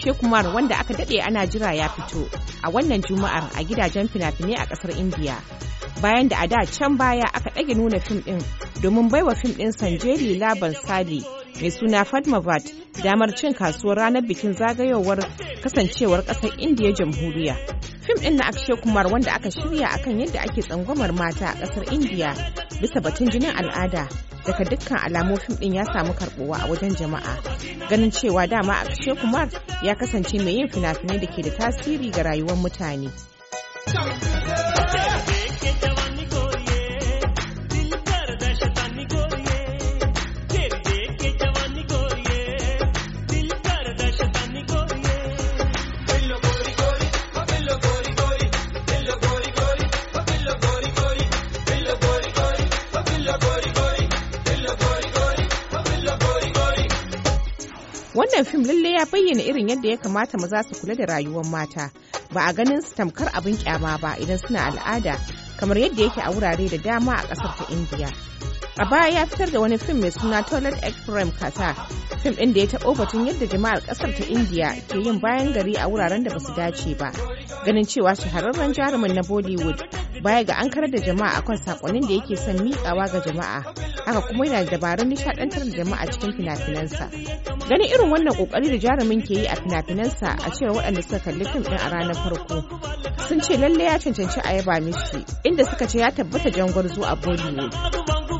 Shekumar wanda aka daɗe ana jira ya fito a wannan juma'ar a gidajen fina-finai a ƙasar Indiya. Bayan da a da can baya aka ɗage nuna fim ɗin domin baiwa fim ɗin sanjeri Laban Sali mai suna Fatmavat damar cin kasuwar ranar bikin zagayowar kasancewar ƙasar Indiya jamhuriya. Fim ɗin na Akshay Kumar wanda aka shirya akan yadda ake tsangwamar mata a ƙasar Indiya bisa batun jinin al'ada daga dukkan alamu fim din ya samu karbuwa a wajen jama'a ganin cewa dama a kashe kumar ya kasance mai yin fina-finai da ke da tasiri ga rayuwar mutane. Wannan fim lalle ya bayyana irin yadda ya kamata maza su kula da rayuwar mata. Ba a ganin su tamkar abin kyama ba idan suna al'ada kamar yadda yake a wurare da dama a ƙasar ta Indiya. a baya ya fitar da wani fim mai suna toilet ekprem kata fim ɗin da ya taɓo batun yadda jama'ar ƙasar ta indiya ke yin bayan gari a wuraren da basu dace ba ganin cewa shahararren jarumin na bollywood baya ga an karar da jama'a akan sakonnin da yake son miƙawa ga jama'a haka kuma yana da dabarun nishaɗantar da jama'a cikin fina-finansa ganin irin wannan ƙoƙari da jarumin ke yi a fina-finansa a cewar waɗanda suka kalli fim ɗin a ranar farko sun ce lallai ya cancanci a yaba mishi inda suka ce ya tabbata jangwar a bollywood